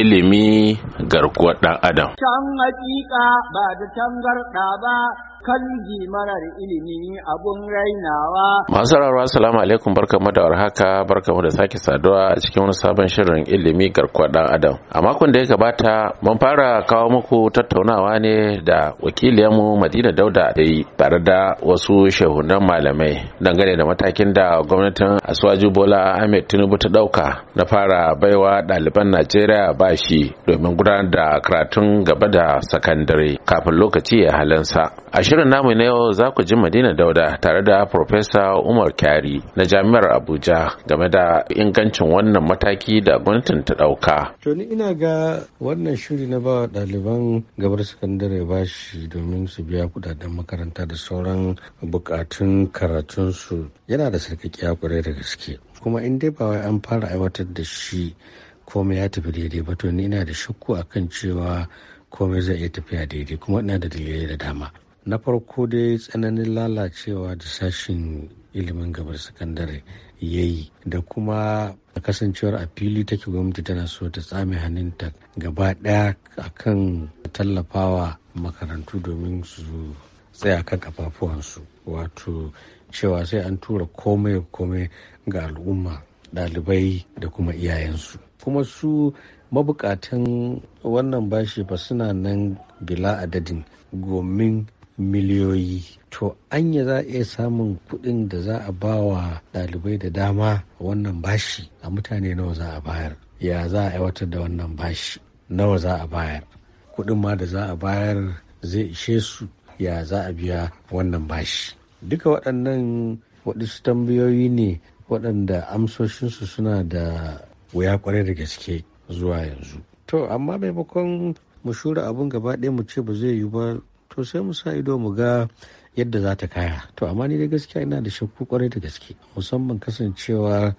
ilimi garkuwar ɗan adam. Can hakika ba da tangarɗa ba kanji mana da ilimi abun rainawa. Masu rarwa salamu alaikum barkamu da warhaka barkamu da sake saduwa a cikin wani sabon shirin ilimi garkuwar dan adam. A makon da ya gabata mun fara kawo muku tattaunawa ne da wakiliyanmu Madina Dauda da yi tare da wasu shehunan malamai dangane da matakin da gwamnatin Asuwaju Bola Ahmed Tinubu ta dauka na fara baiwa ɗaliban Najeriya bashi domin gudanar da karatun gaba da sakandare kafin lokaci ya halansa. A shirin namu na yau za ku ji Madina Dauda tare da Profesa Umar Kyari na Jami'ar Abuja game da ingancin wannan mataki da gwamnatin ta ɗauka. To ina ga wannan shiri na bawa ɗaliban gabar sakandare ba shi domin su biya kudaden makaranta da sauran bukatun karatunsu yana da sarkakiya kwarai da gaske. Kuma in dai ba wai an fara aiwatar da shi komai ya tafi daidai ba to ni ina da shakku akan cewa komai zai iya tafiya daidai kuma ina da dalilai da dama na farko dai tsananin lalacewa da sashin ilimin gabar sakandare ya yi da kuma kasancewar a fili take gwamnati tana so ta tsame hannunta gaba daya kan tallafawa makarantu domin su tsaya kan kafafuwansu wato cewa sai an tura komai komai ga al'umma dalibai, da kuma iyayensu kuma su mabukatan wannan bashi ba suna nan bila adadin gomin miliyoyi to anya za a iya samun kuɗin da za a ba wa ɗalibai da dama wannan bashi a mutane nawa za a bayar ya za a aiwatar da wannan bashi nawa za a bayar kuɗin ma da za a bayar zai ishe su ya za a biya wannan bashi duka waɗannan waɗansu tambayoyi ne waɗanda amsoshinsu suna da wuya kwarai da gaske zuwa yanzu to amma maimakon mu shura abun gaba ɗaya mu ce ba zai yi ba to sai mu sa ido mu ga yadda za ta kaya to amma ni dai gaskiya ina da shakku kwarai da gaske musamman kasancewa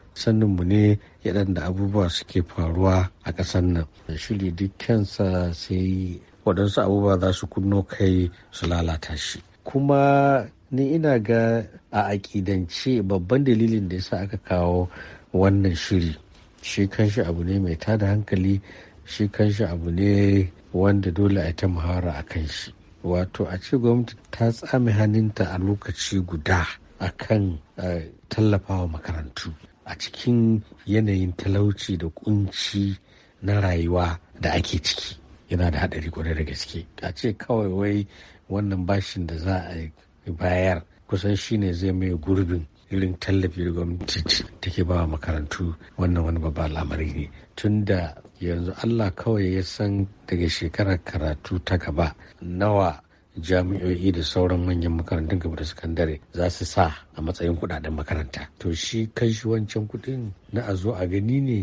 mu ne yadan da abubuwa suke faruwa a ƙasar nan shiri dukkansa sai waɗansu abubuwa za su kunno kai su lalata shi kuma ni ina ga a aƙidance babban dalilin da ya sa aka kawo wannan shiri shi kanshi abu ne mai tada hankali shi kanshi abu ne wanda dole a ta muhara a kan shi wato a ce gwamnati ta tsame hannunta a lokaci guda a kan eh, tallafawa makarantu a cikin yanayin talauci da kunci na rayuwa da ake ciki yana da haɗari kwarai da gaske a ce kawai wai wannan bashin da za a bayar kusan shine zai mai gurbin irin tallafi da gwamnati take ba wa makarantu wannan wani babban al'amari ne tun da yanzu allah kawai ya san daga shekarar karatu ta gaba nawa jami'o'i da sauran manyan makarantun gaba da sakandare za su sa a matsayin kudaden makaranta to shi kai shi wancan kudin na a zo a gani ne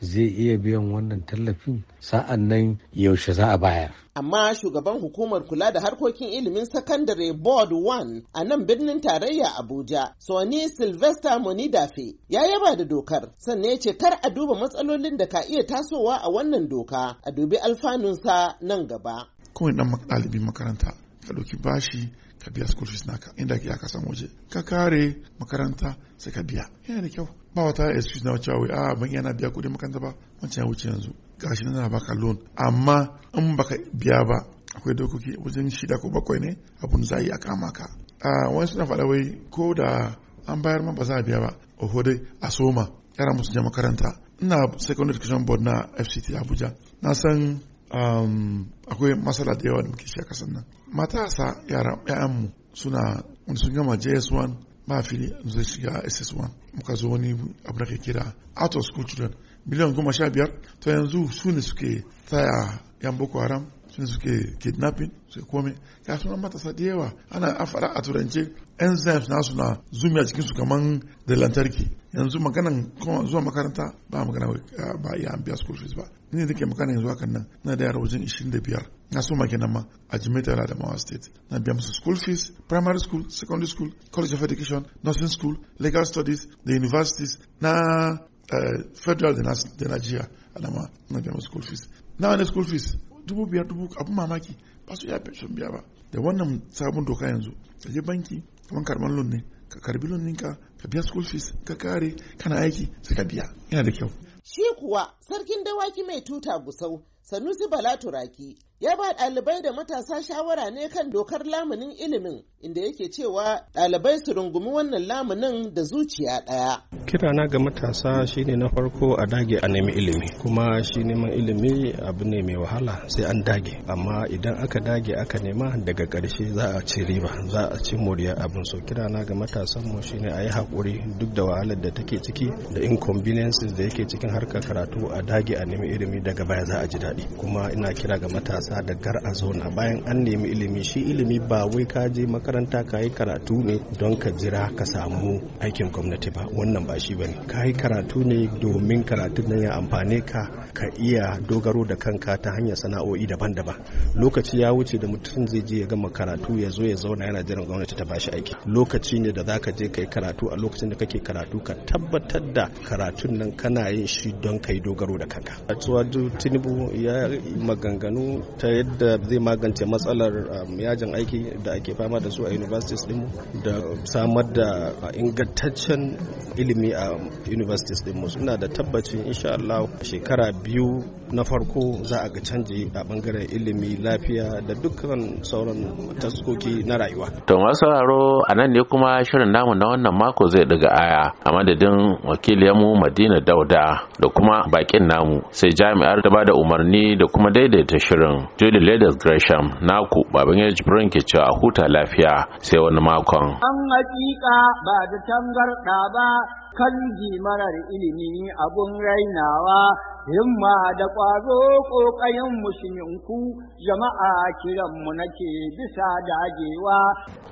zai iya biyan wannan tallafin sa'an nan yaushe za a bayar. Amma shugaban hukumar kula da harkokin ilimin sakandare Board 1 a nan birnin tarayya Abuja, Sony Sylvester Monidafe ya yaba da dokar sannan ya ce kar a duba matsalolin da ka iya tasowa a wannan doka a dubi alfanunsa nan gaba. Kawai ɗan ɗalibin makaranta ka ɗauki bashi ka biya school fees naka inda ya ka san waje ka kare makaranta sai ka biya yana da kyau ba wata excuse na wacewa wai a ah, ban yana biya kuɗin makaranta ba wancan ya wuce yanzu gashi na baka loan amma in baka biya ba akwai dokoki wajen shida ko bakwai ne abun za a yi a kama ka a ah, wani suna faɗa wai ko da an bayar ma ba za a biya ba oho dai a soma yara musu je makaranta ina secondary education board na fct abuja na san Um, akwai matsala da yawa da muke shi a kasan nan matasa yayanmu suna wani sun gama js1 ba fili zai shiga ss1 muka zo wani abu da ke kira out of school children miliyan goma sha biyar to yanzu su ne suke taya yan boko haram sun suke kidnapping su kome ga suna matasa da yawa ana afara a turance enzymes nasu na zumi a su kaman da lantarki yanzu maganan kuma zuwa makaranta ba magana ba iya an biya school fees ba ni da ke magana yanzu hakan nan na da yara wajen 25 na so maka nan ma a jimeta da mawa state na biya musu school fees primary school secondary school college of education nursing school legal studies da universities na eh, federal da na adama na biya musu school fees na wani school fees dubu biyar dubu abin mamaki ba su iya sun biya ba da wannan sabon doka yanzu ka je banki kamar karban loan ka karbi loan ka biya school fees ka kare kana aiki sai ka biya yana da kyau shi kuwa sarkin dawaki mai tuta gusau sanusi bala turaki ya ba ɗalibai da matasa shawara ne kan dokar lamunin ilimin inda yake cewa ɗalibai su rungumi wannan lamunin da zuciya ɗaya. kirana ga matasa shine na farko a dage a nemi ilimi kuma shi neman ilimi abu ne mai wahala sai an dage amma idan aka dage aka nema daga ƙarshe za a ci riba za a ci moriya abin so kirana ga matasan mu shine a yi haƙuri duk da wahalar da take ciki da inconveniences da yake cikin harkar karatu a dage a nemi ilimi daga baya za a ji daɗi kuma ina kira ga matasa sa da gar a zona bayan an nemi ilimi shi ilimi ba wai ka je makaranta ka yi karatu ne don ka jira ka samu aikin gwamnati ba wannan ba shi bane ka yi karatu ne domin karatu nan ya amfane ka ka iya dogaro da kanka ta hanyar sana'o'i daban-daban lokaci ya wuce da mutum zai je ya gama karatu ya zo ya zauna yana jiran gwamnati ta bashi aiki lokaci ne da zaka je kai karatu a lokacin da kake karatu ka tabbatar da karatun nan kana yin shi don kai dogaro da kanka. Atuwaju Tinubu ya maganganu ta yadda zai magance matsalar um, yajin aiki da ake fama da su a universities dinmu da samar da uh, ingantaccen ilimi a universities mu suna da tabbacin insha Allah shekara biyu na farko za a ga canji a bangaren ilimi lafiya da dukkan sauran taskoki na rayuwa. To masu sauraro a nan ne kuma shirin namu na wannan mako zai daga aya a madadin wakiliyanmu Madina Dauda da kuma bakin namu sai jami'ar da ba da umarni da kuma daidaita shirin Gresham, Julie Ladies Gresham, naku baban yaji jibrin ke cewa huta lafiya sai wani makon. An hakika ba da tangar ba kan marar ilimi abun rainawa himma da ƙwazo ƙoƙayen ku, jama'a kiranmu nake bisa dagewa.